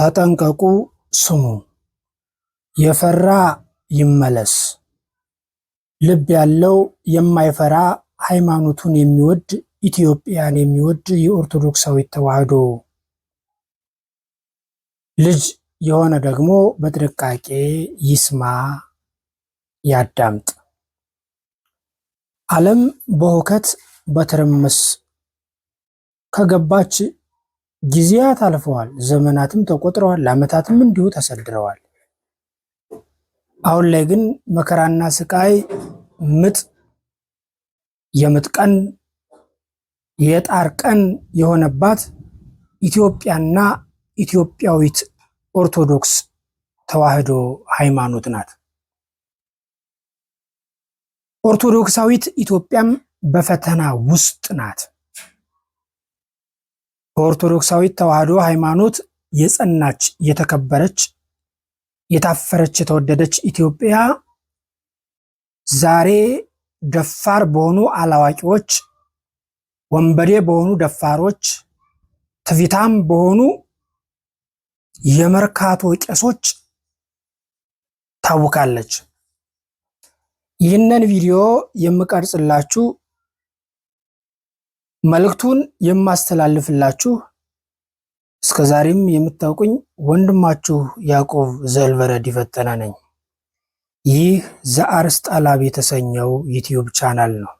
ተጠንቀቁ ስሙ። የፈራ ይመለስ። ልብ ያለው የማይፈራ ሃይማኖቱን የሚወድ ኢትዮጵያን የሚወድ የኦርቶዶክሳዊት ተዋህዶ ልጅ የሆነ ደግሞ በጥንቃቄ ይስማ ያዳምጥ። ዓለም በሁከት በትርምስ ከገባች ጊዜያት አልፈዋል፣ ዘመናትም ተቆጥረዋል፣ ለዓመታትም እንዲሁ ተሰድረዋል። አሁን ላይ ግን መከራና ስቃይ፣ ምጥ፣ የምጥ ቀን፣ የጣር ቀን የሆነባት ኢትዮጵያና ኢትዮጵያዊት ኦርቶዶክስ ተዋህዶ ሃይማኖት ናት። ኦርቶዶክሳዊት ኢትዮጵያም በፈተና ውስጥ ናት። በኦርቶዶክሳዊት ተዋህዶ ሃይማኖት የጸናች የተከበረች የታፈረች የተወደደች ኢትዮጵያ ዛሬ ደፋር በሆኑ አላዋቂዎች፣ ወንበዴ በሆኑ ደፋሮች፣ ትቪታም በሆኑ የመርካቶ ቄሶች ታውካለች። ይህንን ቪዲዮ የምቀርጽላችሁ መልእክቱን የማስተላልፍላችሁ እስከ ዛሬም የምታውቁኝ ወንድማችሁ ያዕቆብ ዘልበረድ ፈጠነ ነኝ። ይህ ዘአርስጣላብ የተሰኘው ዩትዩብ ቻናል ነው።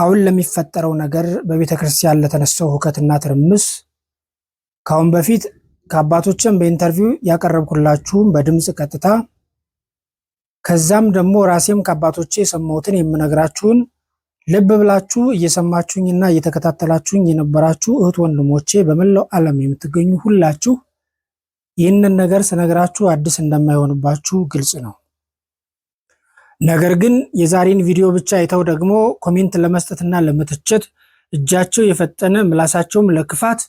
አሁን ለሚፈጠረው ነገር በቤተ ክርስቲያን ለተነሳው ሁከትና ትርምስ ከአሁን በፊት ከአባቶችን በኢንተርቪው ያቀረብኩላችሁም በድምፅ ቀጥታ ከዛም ደግሞ ራሴም ከአባቶቼ የሰማሁትን የምነግራችሁን ልብ ብላችሁ እየሰማችሁኝና እየተከታተላችሁኝ የነበራችሁ እህት ወንድሞቼ በመላው ዓለም የምትገኙ ሁላችሁ ይህንን ነገር ስነግራችሁ አዲስ እንደማይሆንባችሁ ግልጽ ነው። ነገር ግን የዛሬን ቪዲዮ ብቻ አይተው ደግሞ ኮሜንት ለመስጠትና ለመተቸት እጃቸው የፈጠነ ምላሳቸውም ለክፋት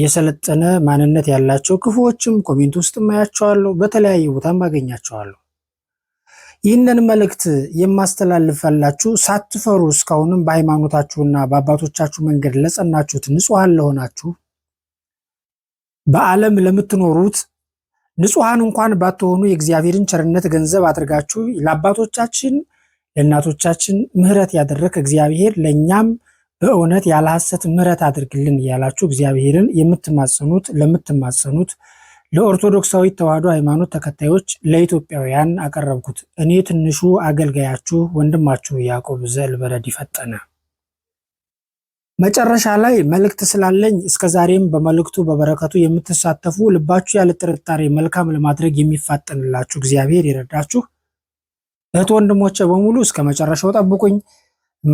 የሰለጠነ ማንነት ያላቸው ክፉዎችም ኮሜንት ውስጥ ማያቸዋለሁ፣ በተለያየ ቦታም አገኛቸዋለሁ። ይህንን መልእክት የማስተላልፈላችሁ ሳትፈሩ እስካሁንም በሃይማኖታችሁና በአባቶቻችሁ መንገድ ለጸናችሁት ንጹሐን ለሆናችሁ በዓለም ለምትኖሩት ንጹሐን እንኳን ባትሆኑ የእግዚአብሔርን ቸርነት ገንዘብ አድርጋችሁ ለአባቶቻችን ለእናቶቻችን ምሕረት ያደረግ እግዚአብሔር ለእኛም በእውነት ያለ ሐሰት ምሕረት አድርግልን እያላችሁ እግዚአብሔርን የምትማጸኑት ለምትማጸኑት ለኦርቶዶክሳዊት ተዋሕዶ ሃይማኖት ተከታዮች ለኢትዮጵያውያን አቀረብኩት። እኔ ትንሹ አገልጋያችሁ ወንድማችሁ ያዕቆብ ዘልበረድ ፈጠነ። መጨረሻ ላይ መልእክት ስላለኝ እስከ ዛሬም በመልእክቱ በበረከቱ የምትሳተፉ ልባችሁ ያለ ጥርጣሬ መልካም ለማድረግ የሚፋጠንላችሁ እግዚአብሔር ይረዳችሁ። እህት ወንድሞቼ በሙሉ እስከ መጨረሻው ጠብቁኝ።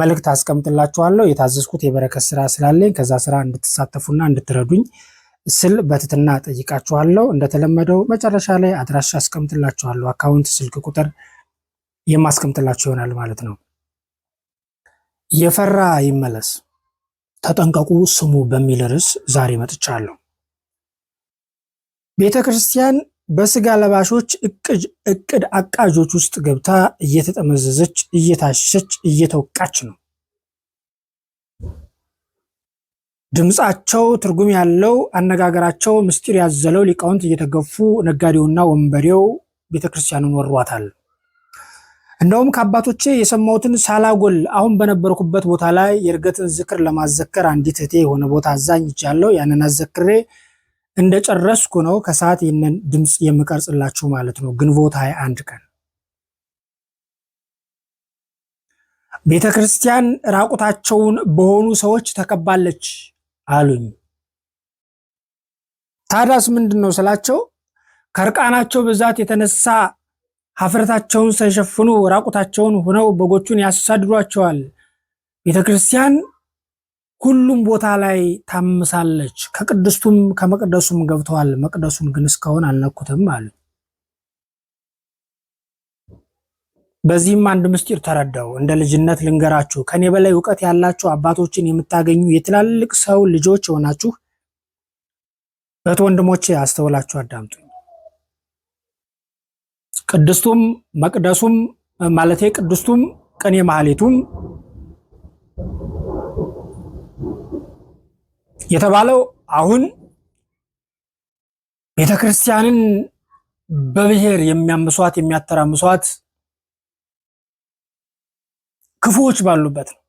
መልእክት አስቀምጥላችኋለሁ። የታዘዝኩት የበረከት ስራ ስላለኝ ከዛ ስራ እንድትሳተፉና እንድትረዱኝ ስል በትትና ጠይቃችኋለሁ። እንደተለመደው መጨረሻ ላይ አድራሻ አስቀምጥላችኋለሁ። አካውንት፣ ስልክ ቁጥር የማስቀምጥላችሁ ይሆናል ማለት ነው። የፈራ ይመለስ ተጠንቀቁ ስሙ በሚል ርዕስ ዛሬ መጥቻለሁ። ቤተ ክርስቲያን በስጋ ለባሾች እቅድ አቃዦች ውስጥ ገብታ እየተጠመዘዘች እየታሸች እየተወቃች ነው። ድምፃቸው ትርጉም ያለው አነጋገራቸው ምስጢር ያዘለው ሊቃውንት እየተገፉ ነጋዴውና ወንበዴው ቤተክርስቲያኑን ወሯታል። እንደውም ከአባቶቼ የሰማሁትን ሳላጎል አሁን በነበርኩበት ቦታ ላይ የእርገትን ዝክር ለማዘከር አንዲት እህቴ የሆነ ቦታ አዛኝ ይቻለው ያንን አዘክሬ እንደጨረስኩ ነው ከሰዓት ይህንን ድምፅ የምቀርጽላችሁ ማለት ነው። ግንቦት 21 ቀን ቤተክርስቲያን ራቁታቸውን በሆኑ ሰዎች ተከባለች። አሉኝ። ታዳስ ምንድን ነው ስላቸው ከእርቃናቸው ብዛት የተነሳ ሀፍረታቸውን ሳይሸፍኑ ራቁታቸውን ሆነው በጎቹን ያሳድሯቸዋል። ቤተ ክርስቲያን ሁሉም ቦታ ላይ ታምሳለች። ከቅድስቱም ከመቅደሱም ገብተዋል። መቅደሱን ግን እስካሁን አልነኩትም አሉኝ። በዚህም አንድ ምስጢር ተረዳው። እንደ ልጅነት ልንገራችሁ፣ ከኔ በላይ እውቀት ያላችሁ አባቶችን የምታገኙ የትላልቅ ሰው ልጆች የሆናችሁ እህት ወንድሞቼ አስተውላችሁ አዳምጡ። ቅድስቱም መቅደሱም ማለቴ ቅድስቱም ቅኔ ማህሌቱም የተባለው አሁን ቤተክርስቲያንን በብሔር የሚያምሷት የሚያተራምሷት ክፉዎች ባሉበት ነው።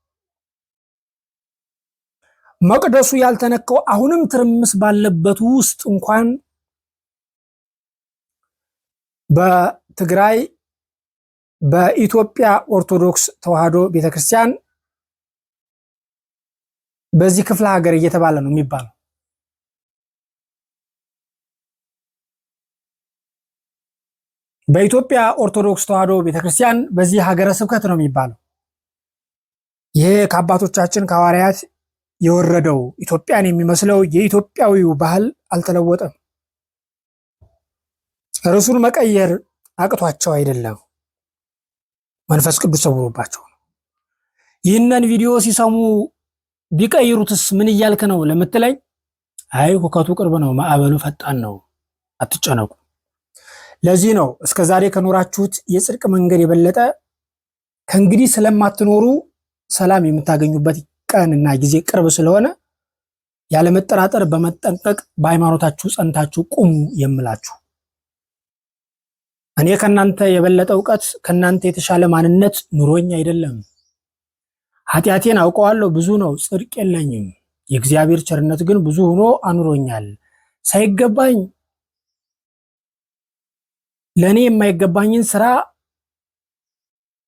መቅደሱ ያልተነካው አሁንም ትርምስ ባለበት ውስጥ እንኳን በትግራይ በኢትዮጵያ ኦርቶዶክስ ተዋህዶ ቤተክርስቲያን በዚህ ክፍለ ሀገር እየተባለ ነው የሚባለው። በኢትዮጵያ ኦርቶዶክስ ተዋህዶ ቤተክርስቲያን በዚህ ሀገረ ስብከት ነው የሚባለው። ይሄ ከአባቶቻችን ከሐዋርያት የወረደው ኢትዮጵያን የሚመስለው የኢትዮጵያዊው ባህል አልተለወጠም። ርዕሱን መቀየር አቅቷቸው አይደለም፣ መንፈስ ቅዱስ ሰውሮባቸው ነው። ይህንን ቪዲዮ ሲሰሙ ቢቀይሩትስ ምን እያልክ ነው ለምትለኝ፣ አይ ሁከቱ ቅርብ ነው፣ ማዕበሉ ፈጣን ነው፣ አትጨነቁ። ለዚህ ነው እስከዛሬ ከኖራችሁት የጽድቅ መንገድ የበለጠ ከእንግዲህ ስለማትኖሩ ሰላም የምታገኙበት ቀንና ጊዜ ቅርብ ስለሆነ ያለመጠራጠር በመጠንቀቅ በሃይማኖታችሁ ጸንታችሁ ቁሙ የምላችሁ። እኔ ከናንተ የበለጠ እውቀት ከናንተ የተሻለ ማንነት ኑሮኝ አይደለም። ኃጢአቴን አውቀዋለሁ፣ ብዙ ነው፣ ጽድቅ የለኝም። የእግዚአብሔር ቸርነት ግን ብዙ ሆኖ አኑሮኛል። ሳይገባኝ ለእኔ የማይገባኝን ስራ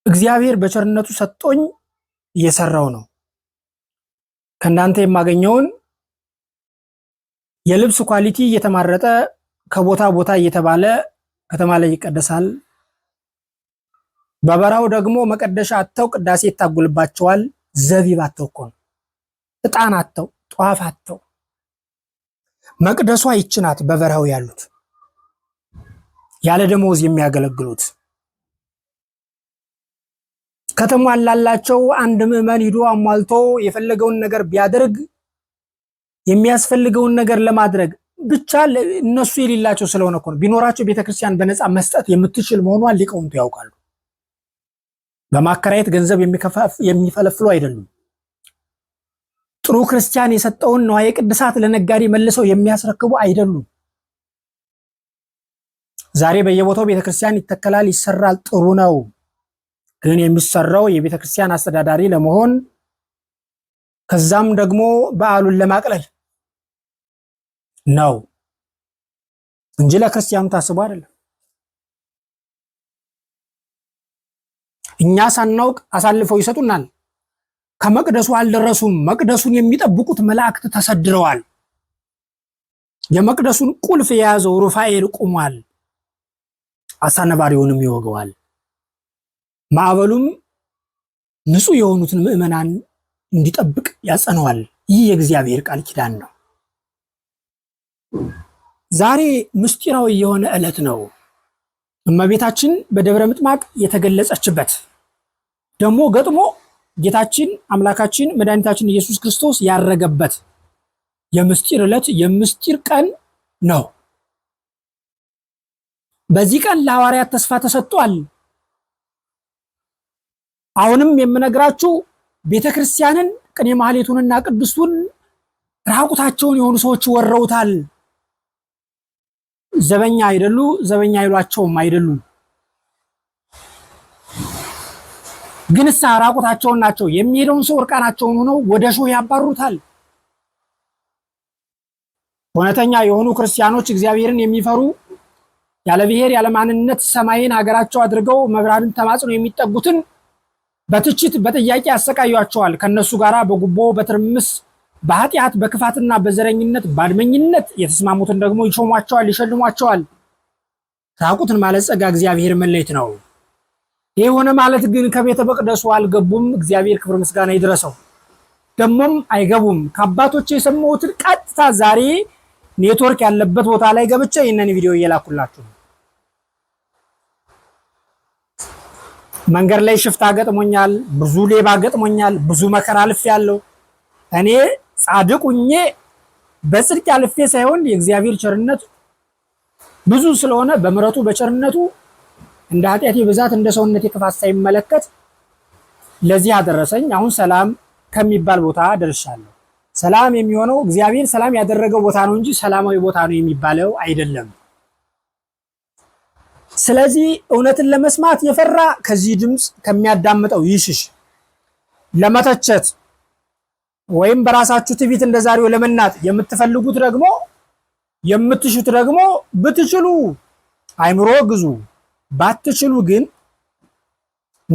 እግዚአብሔር በቸርነቱ ሰጥቶኝ እየሰራው ነው። ከእናንተ የማገኘውን የልብስ ኳሊቲ እየተማረጠ ከቦታ ቦታ እየተባለ ከተማ ላይ ይቀደሳል። በበራው ደግሞ መቀደሻ አተው ቅዳሴ ይታጎልባቸዋል። ዘቢብ አተው እኮ ነው፣ አተው፣ ጧፍ አተው። መቅደሷ ይችናት በበረሃው ያሉት ያለ ደመወዝ የሚያገለግሉት ከተሟላላቸው አንድ ምዕመን ሂዶ አሟልቶ የፈለገውን ነገር ቢያደርግ የሚያስፈልገውን ነገር ለማድረግ ብቻ እነሱ የሌላቸው ስለሆነ እኮ ነው። ቢኖራቸው ቤተክርስቲያን በነፃ መስጠት የምትችል መሆኗን ሊቃውንቱ ያውቃሉ። በማከራየት ገንዘብ የሚፈለፍሉ አይደሉም። ጥሩ ክርስቲያን የሰጠውን ነዋየ ቅድሳት ለነጋዴ መልሰው የሚያስረክቡ አይደሉም። ዛሬ በየቦታው ቤተክርስቲያን ይተከላል፣ ይሰራል፣ ጥሩ ነው። ግን የሚሰራው የቤተ ክርስቲያን አስተዳዳሪ ለመሆን ከዛም ደግሞ በዓሉን ለማቅለል ነው እንጂ ለክርስቲያኑ ታስቦ አይደለም። እኛ ሳናውቅ አሳልፈው ይሰጡናል። ከመቅደሱ አልደረሱም። መቅደሱን የሚጠብቁት መላእክት ተሰድረዋል። የመቅደሱን ቁልፍ የያዘው ሩፋኤል ቁሟል። አሳነባሪውንም ይወገዋል። ማዕበሉም ንጹህ የሆኑትን ምዕመናን እንዲጠብቅ ያጸነዋል። ይህ የእግዚአብሔር ቃል ኪዳን ነው። ዛሬ ምስጢራዊ የሆነ ዕለት ነው። እመቤታችን በደብረ ምጥማቅ የተገለጸችበት ደግሞ ገጥሞ ጌታችን አምላካችን መድኃኒታችን ኢየሱስ ክርስቶስ ያረገበት የምስጢር ዕለት የምስጢር ቀን ነው። በዚህ ቀን ለሐዋርያት ተስፋ ተሰጥቷል። አሁንም የምነግራችሁ ቤተ ክርስቲያንን ቅኔ ማህሌቱንና ቅዱስቱን ራቁታቸውን የሆኑ ሰዎች ወረውታል። ዘበኛ አይደሉ፣ ዘበኛ አይሏቸውም አይደሉም። ግንሳ ራቁታቸውን ናቸው። የሚሄደውን ሰው እርቃናቸውን ሆነው ወደ ሾህ ያባሩታል። እውነተኛ የሆኑ ክርስቲያኖች እግዚአብሔርን የሚፈሩ ያለ ብሔር ያለ ማንነት ሰማይን ሀገራቸው አድርገው መብርሃንን ተማጽኖ የሚጠጉትን በትችት በጥያቄ ያሰቃያቸዋል። ከነሱ ጋራ በጉቦ በትርምስ በኃጢአት በክፋትና በዘረኝነት በአድመኝነት የተስማሙትን ደግሞ ይሾሟቸዋል፣ ይሸልሟቸዋል። ራቁትን ማለት ጸጋ እግዚአብሔር መለየት ነው። ይህ የሆነ ማለት ግን ከቤተ መቅደሱ አልገቡም። እግዚአብሔር ክብር ምስጋና ይድረሰው። ደግሞም አይገቡም። ከአባቶች የሰማሁትን ቀጥታ ዛሬ ኔትወርክ ያለበት ቦታ ላይ ገብቼ ይህንን ቪዲዮ እየላኩላችሁ ነው። መንገድ ላይ ሽፍታ ገጥሞኛል፣ ብዙ ሌባ ገጥሞኛል፣ ብዙ መከራ አልፌ ያለው እኔ ጻድቁኜ በጽድቅ አልፌ ሳይሆን የእግዚአብሔር ቸርነት ብዙ ስለሆነ በምረቱ በቸርነቱ እንደ ኃጢአቴ ብዛት እንደ ሰውነቴ ክፋት ሳይመለከት ለዚህ አደረሰኝ። አሁን ሰላም ከሚባል ቦታ ደርሻለሁ። ሰላም የሚሆነው እግዚአብሔር ሰላም ያደረገው ቦታ ነው እንጂ ሰላማዊ ቦታ ነው የሚባለው አይደለም። ስለዚህ እውነትን ለመስማት የፈራ ከዚህ ድምፅ ከሚያዳምጠው ይሽሽ። ለመተቸት ወይም በራሳችሁ ትዕቢት እንደዛሬው ለመናጥ የምትፈልጉት ደግሞ የምትሹት ደግሞ ብትችሉ አይምሮ ግዙ፣ ባትችሉ ግን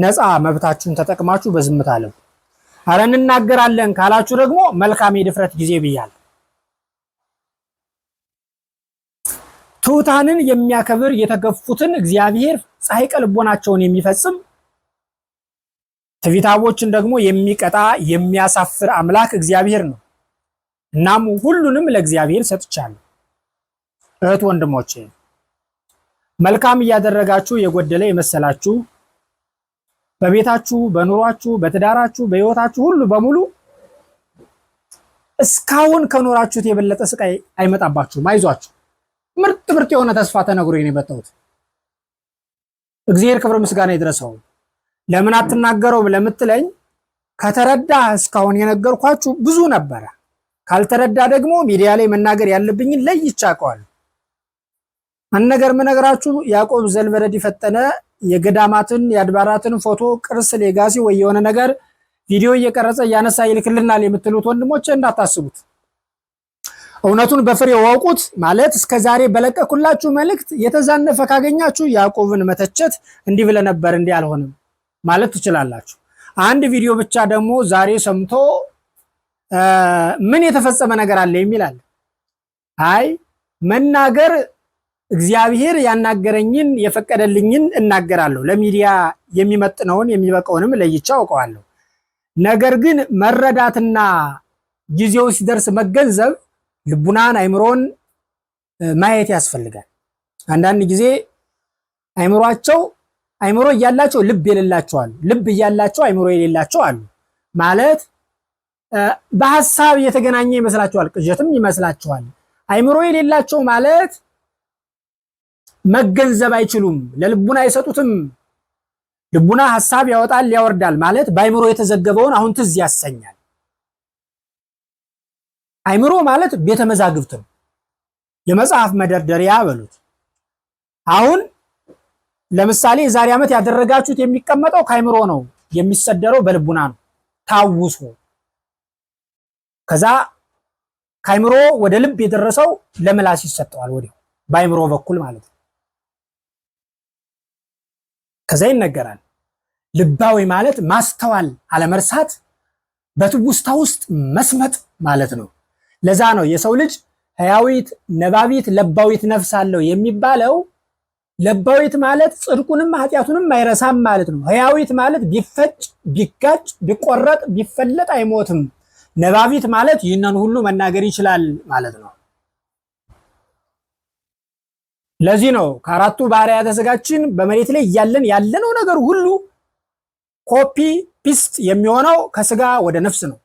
ነፃ መብታችሁን ተጠቅማችሁ በዝምታ አለም አረ እንናገራለን ካላችሁ ደግሞ መልካም የድፍረት ጊዜ ብያለሁ። ትሑታንን የሚያከብር የተገፉትን እግዚአብሔር ፀሐይ ቀልቦናቸውን የሚፈጽም ትቢታቦችን ደግሞ የሚቀጣ የሚያሳፍር አምላክ እግዚአብሔር ነው። እናም ሁሉንም ለእግዚአብሔር ሰጥቻለሁ። እህት ወንድሞቼ፣ መልካም እያደረጋችሁ የጎደለ የመሰላችሁ በቤታችሁ፣ በኑሯችሁ፣ በትዳራችሁ፣ በሕይወታችሁ ሁሉ በሙሉ እስካሁን ከኖራችሁት የበለጠ ስቃይ አይመጣባችሁም። አይዟችሁ። ምርጥ ምርጥ የሆነ ተስፋ ተነግሮ ነው የመጣሁት። እግዚአብሔር ክብር ምስጋና ይድረሰው። ለምን አትናገረውም ለምትለኝ ከተረዳ እስካሁን የነገርኳችሁ ብዙ ነበረ። ካልተረዳ ደግሞ ሚዲያ ላይ መናገር ያለብኝን ለይቼ አውቀዋለሁ። አንድ ነገር የምነግራችሁ ያዕቆብ ዘልበረድ ፈጠነ የገዳማትን የአድባራትን ፎቶ ቅርስ ሌጋሲ ወይ የሆነ ነገር ቪዲዮ እየቀረጸ እያነሳ ይልክልናል የምትሉት ወንድሞች እንዳታስቡት። እውነቱን በፍሬ ወቁት ማለት እስከ ዛሬ በለቀኩላችሁ መልእክት የተዛነፈ ካገኛችሁ ያዕቆብን መተቸት እንዲህ ብለ ነበር እንዲህ አልሆንም ማለት ትችላላችሁ። አንድ ቪዲዮ ብቻ ደግሞ ዛሬ ሰምቶ ምን የተፈጸመ ነገር አለ የሚላል? አይ መናገር እግዚአብሔር ያናገረኝን የፈቀደልኝን እናገራለሁ። ለሚዲያ የሚመጥነውን የሚበቃውንም ለይቻ አውቀዋለሁ። ነገር ግን መረዳትና ጊዜው ሲደርስ መገንዘብ ልቡናን አይምሮን ማየት ያስፈልጋል። አንዳንድ ጊዜ አይምሯቸው አይምሮ እያላቸው ልብ የሌላቸው አሉ፣ ልብ እያላቸው አይምሮ የሌላቸው አሉ። ማለት በሀሳብ እየተገናኘ ይመስላቸዋል፣ ቅዠትም ይመስላቸዋል። አይምሮ የሌላቸው ማለት መገንዘብ አይችሉም፣ ለልቡና አይሰጡትም። ልቡና ሀሳብ ያወጣል ያወርዳል ማለት በአይምሮ የተዘገበውን አሁን ትዝ ያሰኛል። አይምሮ ማለት ቤተ መዛግብት ነው፣ የመጽሐፍ መደርደሪያ በሉት። አሁን ለምሳሌ የዛሬ ዓመት ያደረጋችሁት የሚቀመጠው ከአይምሮ ነው፣ የሚሰደረው በልቡና ነው ታውሶ። ከዛ ከአይምሮ ወደ ልብ የደረሰው ለምላስ ይሰጠዋል፣ ወዲያው በአይምሮ በኩል ማለት ነው። ከዛ ይነገራል። ልባዊ ማለት ማስተዋል አለመርሳት፣ በትውስታ ውስጥ መስመጥ ማለት ነው። ለዛ ነው የሰው ልጅ ህያዊት ነባቢት ለባዊት ነፍስ አለው የሚባለው። ለባዊት ማለት ጽድቁንም ኃጢአቱንም አይረሳም ማለት ነው። ህያዊት ማለት ቢፈጭ፣ ቢጋጭ፣ ቢቆረጥ፣ ቢፈለጥ አይሞትም። ነባቢት ማለት ይህንን ሁሉ መናገር ይችላል ማለት ነው። ለዚህ ነው ከአራቱ ባህርያተ ሥጋችን በመሬት ላይ እያለን ያለነው ነገር ሁሉ ኮፒ ፒስት የሚሆነው ከስጋ ወደ ነፍስ ነው።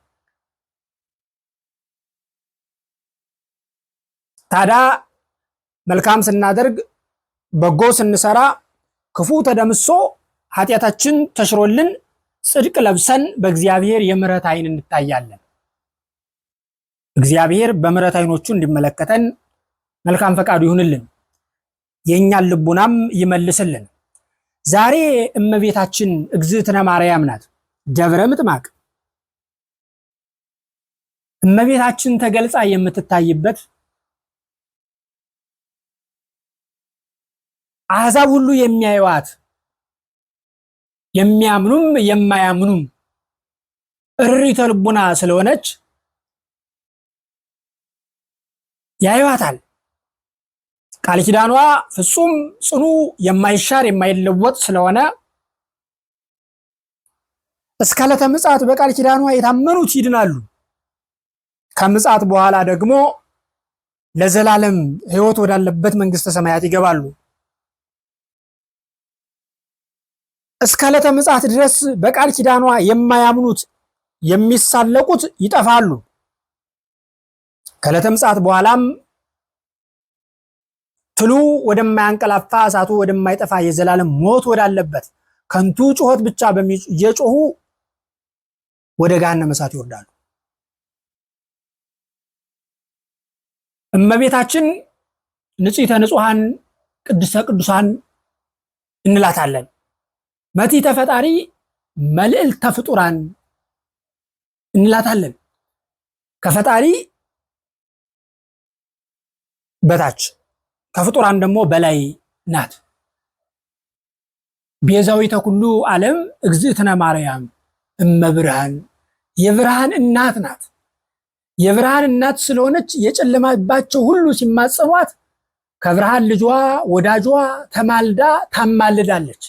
ታዲያ መልካም ስናደርግ በጎ ስንሰራ ክፉ ተደምሶ ኃጢአታችን ተሽሮልን ጽድቅ ለብሰን በእግዚአብሔር የምሕረት ዓይን እንታያለን። እግዚአብሔር በምሕረት ዓይኖቹ እንዲመለከተን መልካም ፈቃዱ ይሁንልን፣ የእኛን ልቡናም ይመልስልን። ዛሬ እመቤታችን እግዝእትነ ማርያም ናት ደብረ ምጥማቅ እመቤታችን ተገልጻ የምትታይበት አሕዛብ ሁሉ የሚያዩዋት የሚያምኑም የማያምኑም እሪተ ልቡና ስለሆነች ያዩዋታል። ቃል ኪዳኗ ፍጹም ጽኑ የማይሻር የማይለወጥ ስለሆነ እስከ ዕለተ ምጽአት በቃል ኪዳኗ የታመኑት ይድናሉ። ከምጽአት በኋላ ደግሞ ለዘላለም ሕይወት ወዳለበት መንግስተ ሰማያት ይገባሉ። እስከ ዕለተ ምጽአት ድረስ በቃል ኪዳኗ የማያምኑት የሚሳለቁት ይጠፋሉ። ከዕለተ ምጽአት በኋላም ትሉ ወደማያንቀላፋ እሳቱ ወደማይጠፋ የዘላለም ሞት ወዳለበት ከንቱ ጩኸት ብቻ እየጮሁ ወደ ገሃነመ እሳት ይወርዳሉ። እመቤታችን ንጽሕተ ንጹሐን ቅድስተ ቅዱሳን እንላታለን። መቲ ተፈጣሪ መልዕልተ ፍጡራን እንላታለን። ከፈጣሪ በታች ከፍጡራን ደግሞ በላይ ናት። ቤዛዊተ ኩሉ ዓለም እግዝእትነ ማርያም እመብርሃን የብርሃን እናት ናት። የብርሃን እናት ስለሆነች የጨለማባቸው ሁሉ ሲማጸኗት ከብርሃን ልጇ ወዳጇ ተማልዳ ታማልዳለች።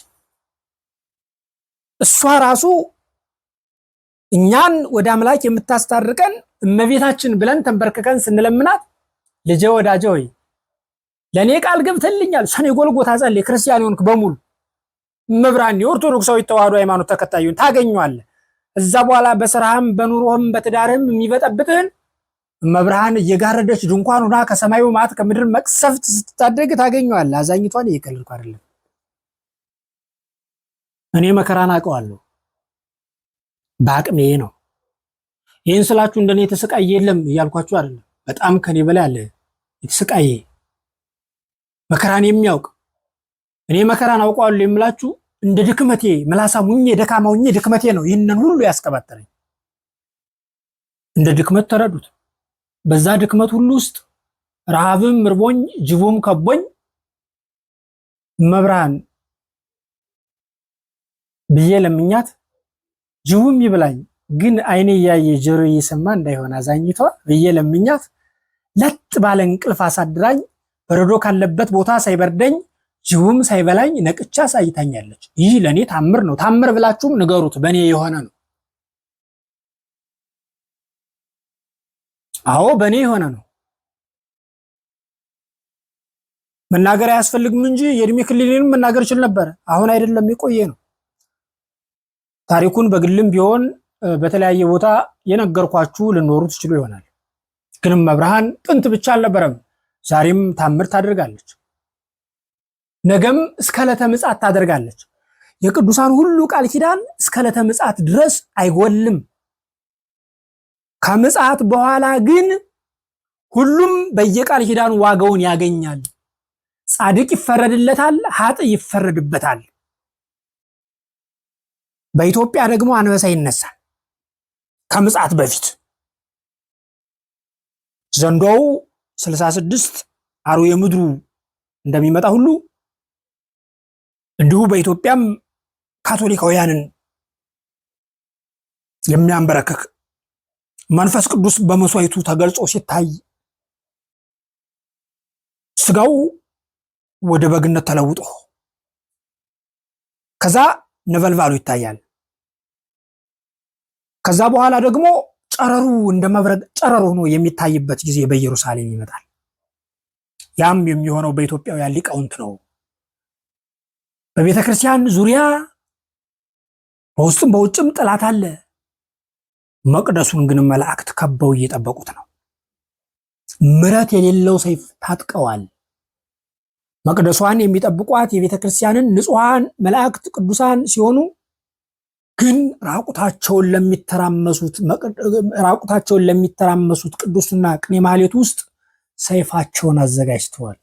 እሷ ራሱ እኛን ወደ አምላክ የምታስታርቀን እመቤታችን ብለን ተንበርክከን ስንለምናት ልጄ ወዳጄ ሆይ ለእኔ ቃል ገብተልኛል ሰኔ ጎልጎታ ጸልይ ክርስቲያን ሆንክ በሙሉ መብራን የኦርቶዶክሳዊ ተዋህዶ ሃይማኖት ተከታዩን ታገኘዋለህ። እዛ በኋላ በስራህም በኑሮህም በትዳርህም የሚበጠብጥህን መብርሃን እየጋረደች ድንኳን ሆና ከሰማዩ ማት ከምድር መቅሰፍት ስትታደግ ታገኘዋለህ። አዛኝቷን እየቀለድኩ አይደለም። እኔ መከራን አውቀዋለሁ በአቅሜ ነው። ይህን ስላችሁ እንደኔ የተሰቃየ የለም እያልኳችሁ አይደለም። በጣም ከኔ በላይ አለ የተሰቃየ መከራን የሚያውቅ እኔ መከራን አውቀዋለሁ የምላችሁ እንደ ድክመቴ ምላሳም ሁኜ ደካማ ሁኜ ድክመቴ ነው ይህንን ሁሉ ያስቀባጠረኝ። እንደ ድክመት ተረዱት። በዛ ድክመት ሁሉ ውስጥ ረሃብም እርቦኝ ጅቡም ከቦኝ መብርሃን። ብዬ ለምኛት ጅቡም ይብላኝ ግን አይኔ እያየ ጆሮ እየሰማ እንዳይሆን አዛኝቷ ብዬ ለምኛት ለጥ ባለ እንቅልፍ አሳድራኝ በረዶ ካለበት ቦታ ሳይበርደኝ ጅቡም ሳይበላኝ ነቅቻ ሳይታኛለች። ይህ ለእኔ ታምር ነው። ታምር ብላችሁም ንገሩት፣ በእኔ የሆነ ነው። አዎ በእኔ የሆነ ነው። መናገር አያስፈልግም እንጂ የእድሜ ክልሌንም መናገር ችል ነበረ። አሁን አይደለም የቆየ ነው። ታሪኩን በግልም ቢሆን በተለያየ ቦታ የነገርኳችሁ ልኖሩ ትችሉ ይሆናል። ግንም መብርሃን ጥንት ብቻ አልነበረም፣ ዛሬም ታምር ታደርጋለች፣ ነገም እስከ ዕለተ ምጽአት ታደርጋለች። የቅዱሳን ሁሉ ቃል ኪዳን እስከ ዕለተ ምጽአት ድረስ አይጎልም። ከምጽአት በኋላ ግን ሁሉም በየቃል ኪዳኑ ዋጋውን ያገኛል። ጻድቅ ይፈረድለታል፣ ሀጥ ይፈረድበታል። በኢትዮጵያ ደግሞ አንበሳ ይነሳል ከምጽአት በፊት ዘንዶው 66 አሩ የምድሩ ምድሩ እንደሚመጣ ሁሉ እንዲሁ በኢትዮጵያም ካቶሊካውያንን የሚያንበረክክ መንፈስ ቅዱስ በመስዋዕቱ ተገልጾ ሲታይ ስጋው ወደ በግነት ተለውጦ ከዛ ነበልባሉ ይታያል። ከዛ በኋላ ደግሞ ጨረሩ እንደ መብረቅ ጨረሩ ሆኖ የሚታይበት ጊዜ በኢየሩሳሌም ይመጣል። ያም የሚሆነው በኢትዮጵያውያን ሊቃውንት ነው። በቤተ ክርስቲያን ዙሪያ በውስጥም በውጭም ጠላት አለ። መቅደሱን ግን መላእክት ከበው እየጠበቁት ነው። ምረት የሌለው ሰይፍ ታጥቀዋል። መቅደሷን የሚጠብቋት የቤተ ክርስቲያንን ንጹሐን መላእክት ቅዱሳን ሲሆኑ ግን ራቁታቸውን ለሚተራመሱት ራቁታቸውን ለሚተራመሱት ቅዱስና ቅኔ ማህሌት ውስጥ ሰይፋቸውን አዘጋጅተዋል።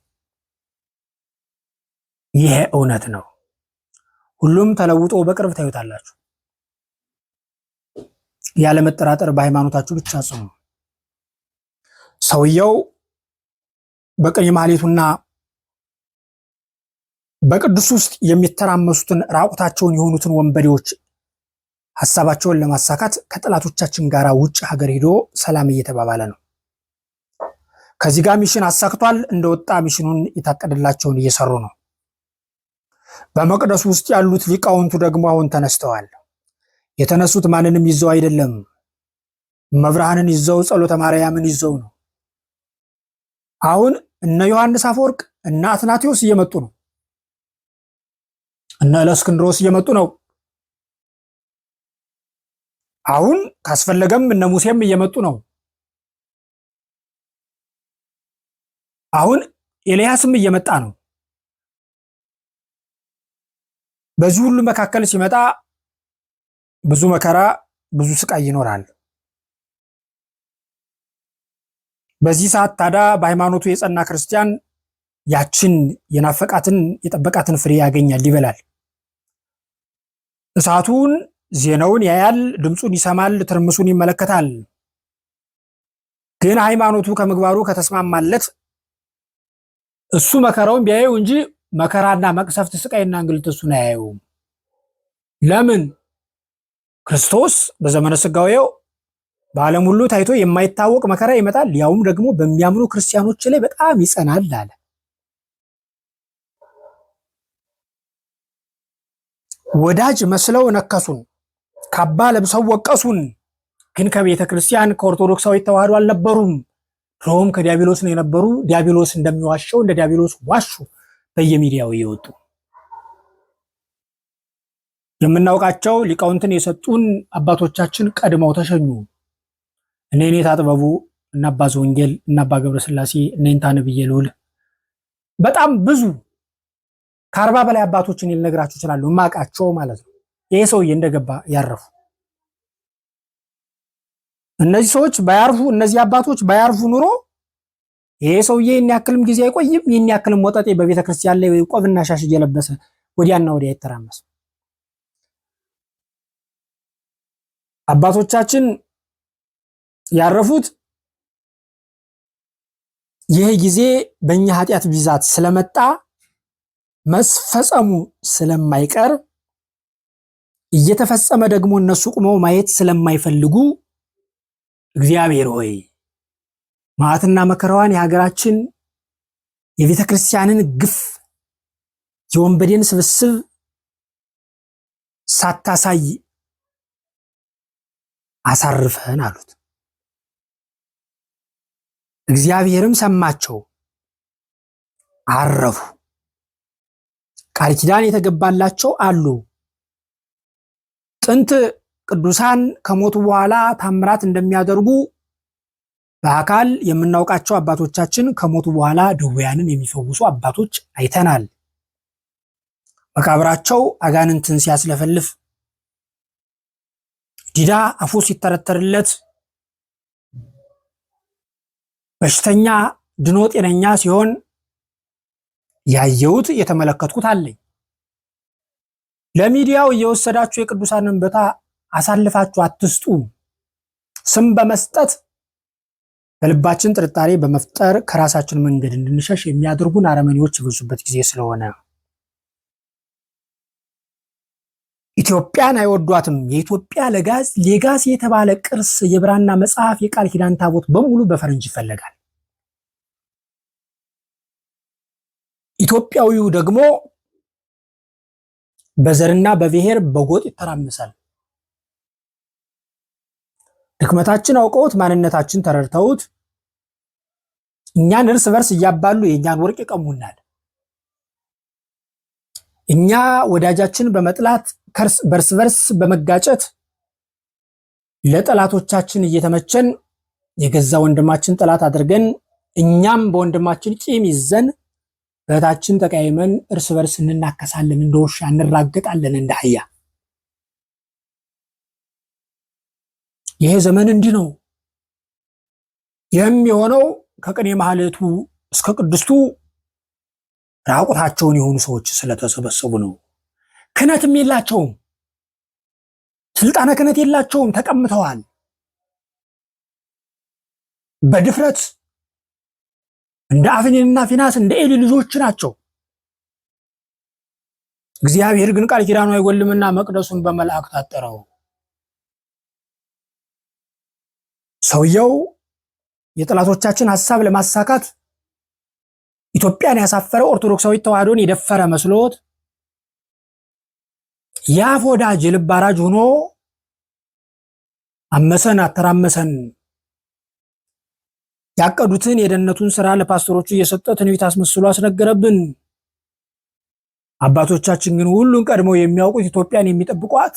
ይሄ እውነት ነው። ሁሉም ተለውጦ በቅርብ ታዩታላችሁ። ያለመጠራጠር በሃይማኖታችሁ ብቻ ጽኑ። ሰውየው በቅኔ ማህሌቱና በቅዱስ ውስጥ የሚተራመሱትን ራቁታቸውን የሆኑትን ወንበዴዎች ሀሳባቸውን ለማሳካት ከጠላቶቻችን ጋር ውጭ ሀገር ሄዶ ሰላም እየተባባለ ነው። ከዚህ ጋር ሚሽን አሳክቷል። እንደ ወጣ ሚሽኑን የታቀደላቸውን እየሰሩ ነው። በመቅደሱ ውስጥ ያሉት ሊቃውንቱ ደግሞ አሁን ተነስተዋል። የተነሱት ማንንም ይዘው አይደለም። መብርሃንን ይዘው ጸሎተ ማርያምን ይዘው ነው። አሁን እነ ዮሐንስ አፈወርቅ እነ አትናቴዎስ እየመጡ ነው። እነ እለእስክንድሮስ እየመጡ ነው። አሁን ካስፈለገም እነ ሙሴም እየመጡ ነው። አሁን ኤልያስም እየመጣ ነው። በዚህ ሁሉ መካከል ሲመጣ ብዙ መከራ፣ ብዙ ስቃይ ይኖራል። በዚህ ሰዓት ታዲያ በሃይማኖቱ የጸና ክርስቲያን ያችን የናፈቃትን የጠበቃትን ፍሬ ያገኛል፣ ይበላል። እሳቱን ዜናውን ያያል፣ ድምፁን ይሰማል፣ ትርምሱን ይመለከታል። ግን ሃይማኖቱ ከምግባሩ ከተስማማለት እሱ መከራውን ቢያየው እንጂ መከራና መቅሰፍት፣ ስቃይና እንግልት እሱን አያየውም። ለምን? ክርስቶስ በዘመነ ስጋዌው በዓለም ሁሉ ታይቶ የማይታወቅ መከራ ይመጣል፣ ያውም ደግሞ በሚያምኑ ክርስቲያኖች ላይ በጣም ይጸናል አለ። ወዳጅ መስለው ነከሱን፣ ካባ ለብሰው ወቀሱን። ግን ከቤተ ክርስቲያን ከኦርቶዶክሳዊት ተዋህዶ አልነበሩም። ድሮም ከዲያብሎስ ነው የነበሩ። ዲያብሎስ እንደሚዋሸው እንደ ዲያብሎስ ዋሹ። በየሚዲያው እየወጡ የምናውቃቸው ሊቃውንትን የሰጡን አባቶቻችን ቀድመው ተሸኙ። እነ ኔታ ጥበቡ፣ እነ አባ ዘወንጌል፣ አባ ገብረስላሴ፣ እነ ኔታ ነብየ ልውል በጣም ብዙ ከአርባ በላይ አባቶችን ልነግራችሁ ይችላሉ እማቃቸው ማለት ነው። ይህ ሰውዬ እንደገባ ያረፉ እነዚህ ሰዎች ባያርፉ እነዚህ አባቶች ባያርፉ ኑሮ ይሄ ሰውዬ ይህን ያክልም ጊዜ አይቆይም። ይህን ያክልም ወጠጤ በቤተ ክርስቲያን ላይ ቆብና ሻሽ እየለበሰ ወዲያና ወዲያ አይተራመስም። አባቶቻችን ያረፉት ይህ ጊዜ በእኛ ኃጢአት ብዛት ስለመጣ መስፈጸሙ ስለማይቀር እየተፈጸመ ደግሞ እነሱ ቁመው ማየት ስለማይፈልጉ እግዚአብሔር ሆይ መዓትና መከራዋን የሀገራችን የቤተ ክርስቲያንን ግፍ የወንበዴን ስብስብ ሳታሳይ አሳርፈን አሉት። እግዚአብሔርም ሰማቸው፣ አረፉ። ቃል ኪዳን የተገባላቸው አሉ። ጥንት ቅዱሳን ከሞቱ በኋላ ታምራት እንደሚያደርጉ በአካል የምናውቃቸው አባቶቻችን ከሞቱ በኋላ ድውያንን የሚፈውሱ አባቶች አይተናል። መቃብራቸው አጋንንትን ሲያስለፈልፍ፣ ዲዳ አፉ ሲተረተርለት፣ በሽተኛ ድኖ ጤነኛ ሲሆን ያየሁት የተመለከትኩት አለኝ። ለሚዲያው እየወሰዳችሁ የቅዱሳንን ቦታ አሳልፋችሁ አትስጡ። ስም በመስጠት በልባችን ጥርጣሬ በመፍጠር ከራሳችን መንገድ እንድንሸሽ የሚያደርጉን አረመኔዎች የበዙበት ጊዜ ስለሆነ ኢትዮጵያን አይወዷትም። የኢትዮጵያ ሌጋሲ የተባለ ቅርስ የብራና መጽሐፍ፣ የቃል ኪዳን ታቦት በሙሉ በፈረንጅ ይፈለጋል። ኢትዮጵያዊው ደግሞ በዘርና በብሔር በጎጥ ይተራመሳል። ድክመታችን አውቀውት ማንነታችን ተረድተውት እኛን እርስ በርስ እያባሉ የእኛን ወርቅ ይቀሙናል። እኛ ወዳጃችን በመጥላት በእርስ በርስ በመጋጨት ለጠላቶቻችን እየተመቸን የገዛ ወንድማችን ጠላት አድርገን እኛም በወንድማችን ቂም ይዘን በእህታችን ተቀያይመን እርስ በርስ እንናከሳለን፣ እንደ ውሻ እንራገጣለን፣ እንደ አህያ። ይሄ ዘመን እንዲህ ነው። ይህም የሆነው ከቅኔ ማህሌቱ እስከ ቅድስቱ ራቁታቸውን የሆኑ ሰዎች ስለተሰበሰቡ ነው። ክህነትም የላቸውም፣ ስልጣነ ክህነት የላቸውም። ተቀምተዋል በድፍረት እንደ አፍኒንና ፊናስ እንደ ኤሊ ልጆች ናቸው። እግዚአብሔር ግን ቃል ኪዳኑ አይጎልምና መቅደሱን በመላእክት አጠረው። ሰውየው የጠላቶቻችን ሐሳብ ለማሳካት ኢትዮጵያን ያሳፈረው ኦርቶዶክሳዊ ተዋህዶን የደፈረ መስሎት የአፍ ወዳጅ የልብ አራጅ ሆኖ አመሰን አተራመሰን ያቀዱትን የደህንነቱን ስራ ለፓስተሮቹ እየሰጠ ትንቢት አስመስሎ አስነገረብን። አባቶቻችን ግን ሁሉን ቀድመው የሚያውቁት ኢትዮጵያን የሚጠብቋት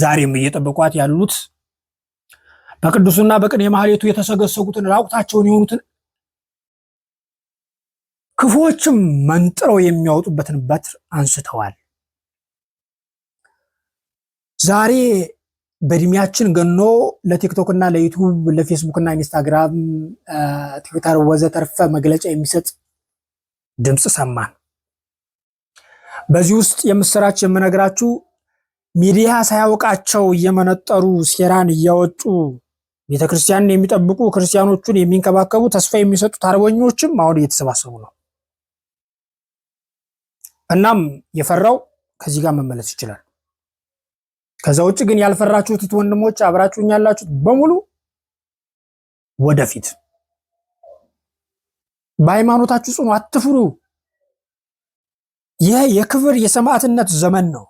ዛሬም እየጠበቋት ያሉት በቅዱሱና በቅኔ ማህሌቱ የተሰገሰጉትን ራቁታቸውን የሆኑትን ክፉዎችም መንጥረው የሚያወጡበትን በትር አንስተዋል። ዛሬ በእድሜያችን ገኖ ለቲክቶክ እና ለዩቱብ ለፌስቡክ እና ኢንስታግራም ትዊተር ወዘተርፈ መግለጫ የሚሰጥ ድምፅ ሰማን። በዚህ ውስጥ የምስራች የምነግራችሁ ሚዲያ ሳያውቃቸው እየመነጠሩ ሴራን እያወጡ ቤተክርስቲያንን የሚጠብቁ ክርስቲያኖቹን የሚንከባከቡ ተስፋ የሚሰጡት አርበኞችም አሁን እየተሰባሰቡ ነው። እናም የፈራው ከዚህ ጋር መመለስ ይችላል። ከዛ ውጭ ግን ያልፈራችሁት ወንድሞች አብራችሁኝ ያላችሁት በሙሉ ወደፊት በሃይማኖታችሁ ጽኑ፣ አትፍሩ። ይህ የክብር የሰማዕትነት ዘመን ነው።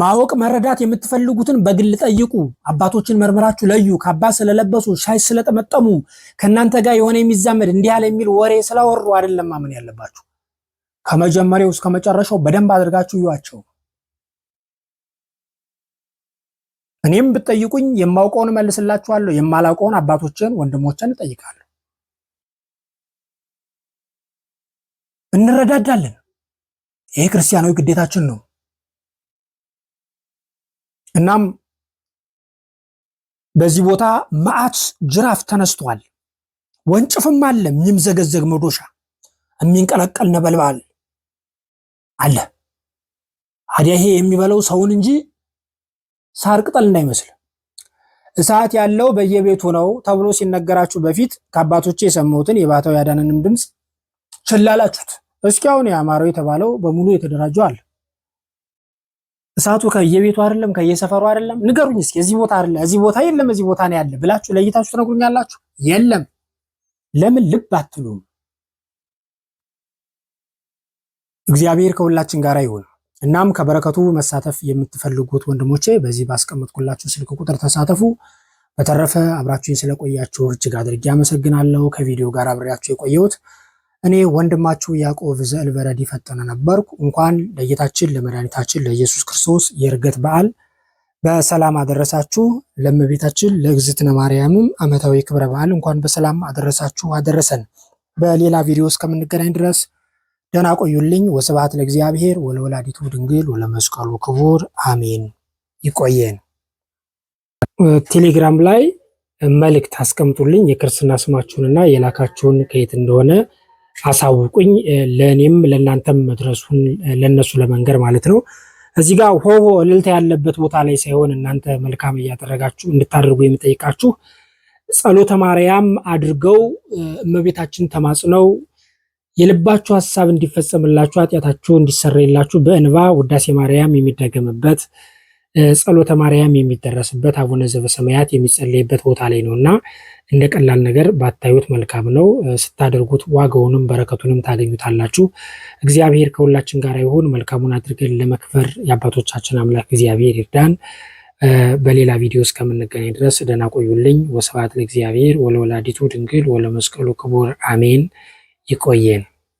ማወቅ መረዳት የምትፈልጉትን በግል ጠይቁ። አባቶችን መርምራችሁ ለዩ። ከአባት ስለለበሱ ሻይ ስለጠመጠሙ ከእናንተ ጋር የሆነ የሚዛመድ እንዲህ ያለ የሚል ወሬ ስላወሩ አይደለም ማመን ያለባችሁ። ከመጀመሪያው እስከ መጨረሻው በደንብ አድርጋችሁ ይዋቸው። እኔም ብትጠይቁኝ የማውቀውን እመልስላችኋለሁ፣ የማላውቀውን አባቶችን ወንድሞችን እጠይቃለሁ። እንረዳዳለን። ይሄ ክርስቲያናዊ ግዴታችን ነው። እናም በዚህ ቦታ መዓት ጅራፍ ተነስቷል። ወንጭፍም አለ፣ የሚምዘገዘግ መዶሻ፣ የሚንቀለቀል ነበልባል አለ። ታዲያ ይሄ የሚበላው ሰውን እንጂ ሳር ቅጠል እንዳይመስል እሳት ያለው በየቤቱ ነው ተብሎ ሲነገራችሁ በፊት ከአባቶቼ የሰማሁትን የባህታዊ አዳነንም ድምፅ ችላላችሁት። እስኪ አሁን የአማራው የተባለው በሙሉ የተደራጁ አለ። እሳቱ ከየቤቱ አይደለም፣ ከየሰፈሩ አይደለም። ንገሩኝ እስኪ እዚህ ቦታ አለ፣ እዚህ ቦታ የለም፣ እዚህ ቦታ ነው ያለ ብላችሁ ለይታችሁ ትነግሩኛላችሁ? የለም። ለምን ልብ አትሉም? እግዚአብሔር ከሁላችን ጋር ይሁን። እናም ከበረከቱ መሳተፍ የምትፈልጉት ወንድሞቼ በዚህ ባስቀመጥኩላችሁ ስልክ ቁጥር ተሳተፉ። በተረፈ አብራችሁኝ ስለቆያችሁ እጅግ አድርጌ አመሰግናለሁ። ከቪዲዮ ጋር አብሬያችሁ የቆየሁት እኔ ወንድማችሁ ያዕቆብ በረድ ፈጠነ ነበርኩ። እንኳን ለጌታችን ለመድኃኒታችን ለኢየሱስ ክርስቶስ የእርገት በዓል በሰላም አደረሳችሁ። ለእመቤታችን ለእግዝእትነ ማርያምም ዓመታዊ ክብረ በዓል እንኳን በሰላም አደረሳችሁ አደረሰን። በሌላ ቪዲዮ እስከምንገናኝ ድረስ ደህና ቆዩልኝ። ወስብሐት ለእግዚአብሔር ወለወላዲቱ ድንግል ወለመስቀሉ ክቡር አሜን። ይቆየን። ቴሌግራም ላይ መልእክት አስቀምጡልኝ። የክርስትና ስማችሁንና የላካችሁን ከየት እንደሆነ አሳውቁኝ። ለእኔም ለእናንተም መድረሱን ለእነሱ ለመንገር ማለት ነው። እዚህ ጋር ሆሆ እልልታ ያለበት ቦታ ላይ ሳይሆን እናንተ መልካም እያደረጋችሁ እንድታደርጉ የምጠይቃችሁ ጸሎተ ማርያም አድርገው እመቤታችን ተማጽነው የልባችሁ ሀሳብ እንዲፈጸምላችሁ ኃጢአታችሁ እንዲሰረይላችሁ በእንባ ውዳሴ ማርያም የሚደገምበት ጸሎተ ማርያም የሚደረስበት አቡነ ዘበሰማያት የሚጸለይበት ቦታ ላይ ነው እና እንደ ቀላል ነገር ባታዩት መልካም ነው። ስታደርጉት ዋጋውንም በረከቱንም ታገኙታላችሁ። እግዚአብሔር ከሁላችን ጋር ይሁን። መልካሙን አድርገን ለመክበር የአባቶቻችን አምላክ እግዚአብሔር ይርዳን። በሌላ ቪዲዮ እስከምንገናኝ ድረስ ደህና ቆዩልኝ። ወስብሐት ለእግዚአብሔር ወለወላዲቱ ድንግል ወለመስቀሉ ክቡር አሜን። ይቆየን።